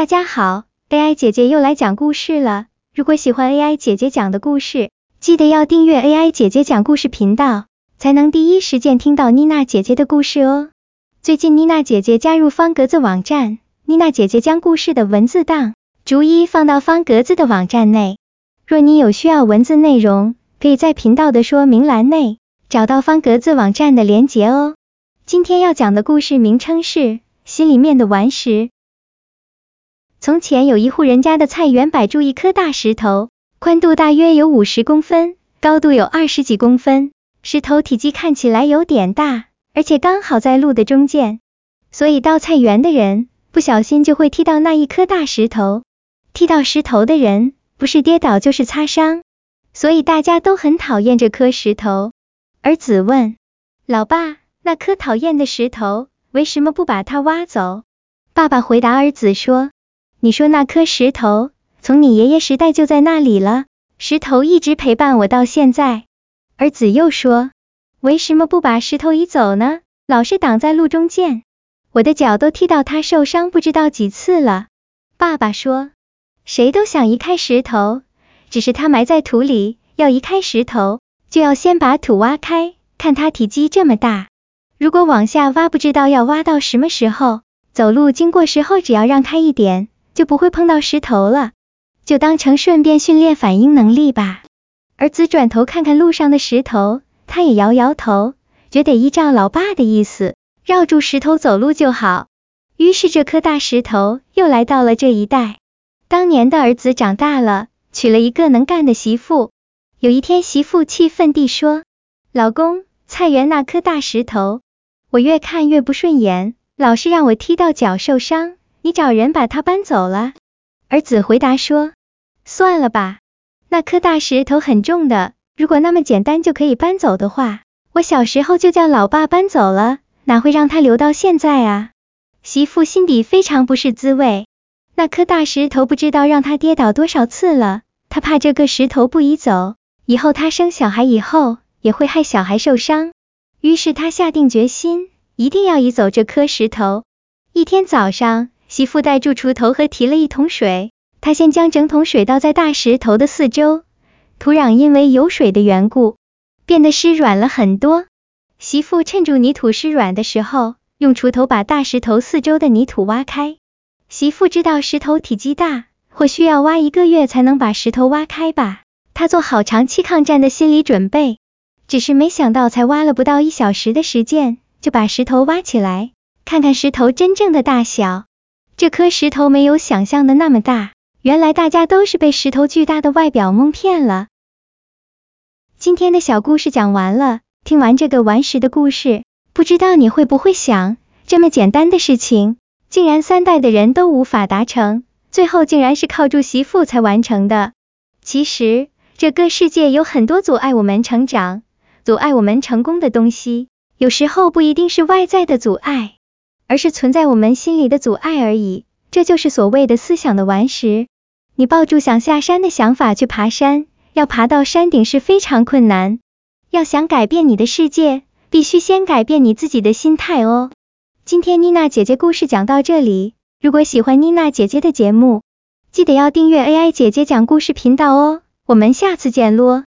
大家好，AI 姐姐又來講故事了。如果喜歡 AI 姐姐講的故事，記得要訂閱 AI 姐姐講故事頻道，才能第一時間聽到妮娜姐姐的故事哦。最近妮娜姐姐加入方格子網站，妮娜姐姐將故事的文字檔逐一放到方格子的網站內。若你有需要文字內容，可以在頻道的說明欄內找到方格子網站的鏈接哦。今天要講的故事名稱是心裡面的頑石。從前有一戶人家的菜園擺住一顆大石頭，寬度大約有五十公分，高度有二十幾公分，石頭體積看起來有點大，而且剛好在路的中間，所以到菜園的人不小心就會踢到那一顆大石頭，踢到石頭的人不是跌倒就是擦傷，所以大家都很討厭這顆石頭。兒子問，老爸，那顆討厭的石頭為什麼不把它挖走？爸爸回答兒子說。你說那顆石頭從你爺爺時代就在那裡了，石頭一直陪伴我到現在。兒子又說，為什麼不把石頭移走呢？老是擋在路中間，我的腳都踢到它受傷不知道幾次了。爸爸說，誰都想移開石頭，只是它埋在土裡，要移開石頭就要先把土挖開。看它體積這麼大，如果往下挖不知道要挖到什麼時候。走路經過時候只要讓開一點。就不會碰到石頭了，就當成順便訓練反應能力吧。兒子轉頭看看路上的石頭，他也搖搖頭，覺得依照老爸的意思，繞住石頭走路就好。於是這顆大石頭又來到了這一代。當年的兒子長大了，娶了一個能幹的媳婦。有一天媳婦氣憤地說：“老公，菜園那顆大石頭，我越看越不順眼，老是讓我踢到腳受傷。”你找人把它搬走了。兒子回答說：“算了吧，那顆大石頭很重的，如果那麼簡單就可以搬走的話，我小時候就叫老爸搬走了，哪會讓他留到現在啊？”媳婦心底非常不是滋味，那顆大石頭不知道讓他跌倒多少次了，他怕這個石頭不移走，以後他生小孩以後也會害小孩受傷，於是他下定決心，一定要移走這顆石頭。一天早上。媳婦帶住鋤頭和提了一桶水，她先將整桶水倒在大石頭的四周，土壤因為有水的緣故，變得濕軟了很多。媳婦趁著泥土濕軟的時候，用鋤頭把大石頭四周的泥土挖開。媳婦知道石頭體積大，或需要挖一個月才能把石頭挖開吧，她做好長期抗戰的心理準備，只是沒想到才挖了不到一小時的時間，就把石頭挖起來，看看石頭真正的大小。這顆石頭沒有想象的那麼大，原來大家都是被石頭巨大的外表蒙騙了。今天的小故事講完了，聽完這個頑石的故事，不知道你會不會想，這麼簡單的事情，竟然三代的人都無法達成，最後竟然是靠住媳婦才完成的。其實，這個世界有很多阻礙我們成長、阻礙我們成功的東西，有時候不一定是外在的阻礙。而是存在我們心裡的阻礙而已，這就是所謂的思想的頑石。你抱住想下山的想法去爬山，要爬到山頂是非常困難。要想改變你的世界，必須先改變你自己的心態哦。今天妮娜姐姐故事講到這裡，如果喜歡妮娜姐姐的節目，記得要訂閱 AI 姐姐講故事頻道哦。我們下次見嘍。